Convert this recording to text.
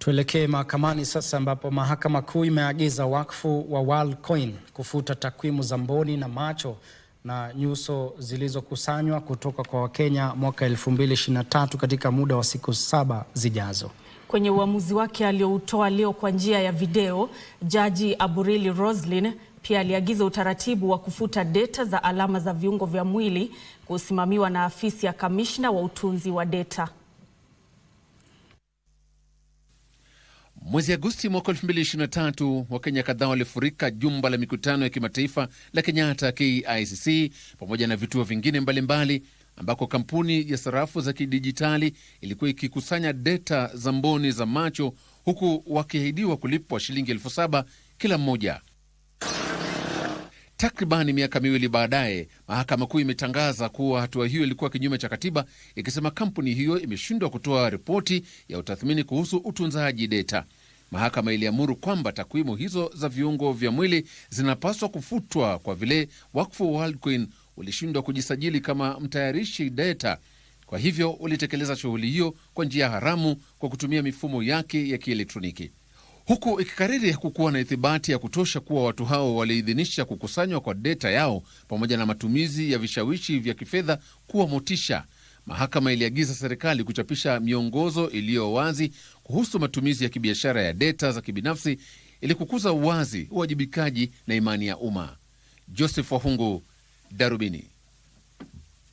Tuelekee mahakamani sasa ambapo mahakama kuu imeagiza wakfu wa Worldcoin kufuta takwimu za mboni na macho na nyuso zilizokusanywa kutoka kwa Wakenya mwaka 2023 katika muda wa siku saba zijazo. Kwenye uamuzi wake aliyoutoa leo kwa njia ya video, Jaji Aburili Roslin pia aliagiza utaratibu wa kufuta deta za alama za viungo vya mwili kusimamiwa na afisi ya kamishna wa utunzi wa deta. Mwezi Agosti mwaka 2023 Wakenya kadhaa walifurika jumba la mikutano ya kimataifa la Kenyatta KICC pamoja na vituo vingine mbalimbali mbali, ambako kampuni ya sarafu za kidijitali ilikuwa ikikusanya deta za mboni za macho huku wakiahidiwa kulipwa shilingi elfu saba kila mmoja. Takribani miaka miwili baadaye, mahakama kuu imetangaza kuwa hatua hiyo ilikuwa kinyume cha katiba, ikisema kampuni hiyo imeshindwa kutoa ripoti ya utathmini kuhusu utunzaji deta. Mahakama iliamuru kwamba takwimu hizo za viungo vya mwili zinapaswa kufutwa kwa vile wakfu wa ulishindwa kujisajili kama mtayarishi data. Kwa hivyo ulitekeleza shughuli hiyo kwa njia haramu kwa kutumia mifumo yake ya kielektroniki, huku ikikariri hakukuwa na ithibati ya kutosha kuwa watu hao waliidhinisha kukusanywa kwa data yao, pamoja na matumizi ya vishawishi vya kifedha kuwa motisha. Mahakama iliagiza serikali kuchapisha miongozo iliyo wazi kuhusu matumizi ya kibiashara ya deta za kibinafsi ili kukuza uwazi, uwajibikaji na imani ya umma. Joseph Wahungu, Darubini.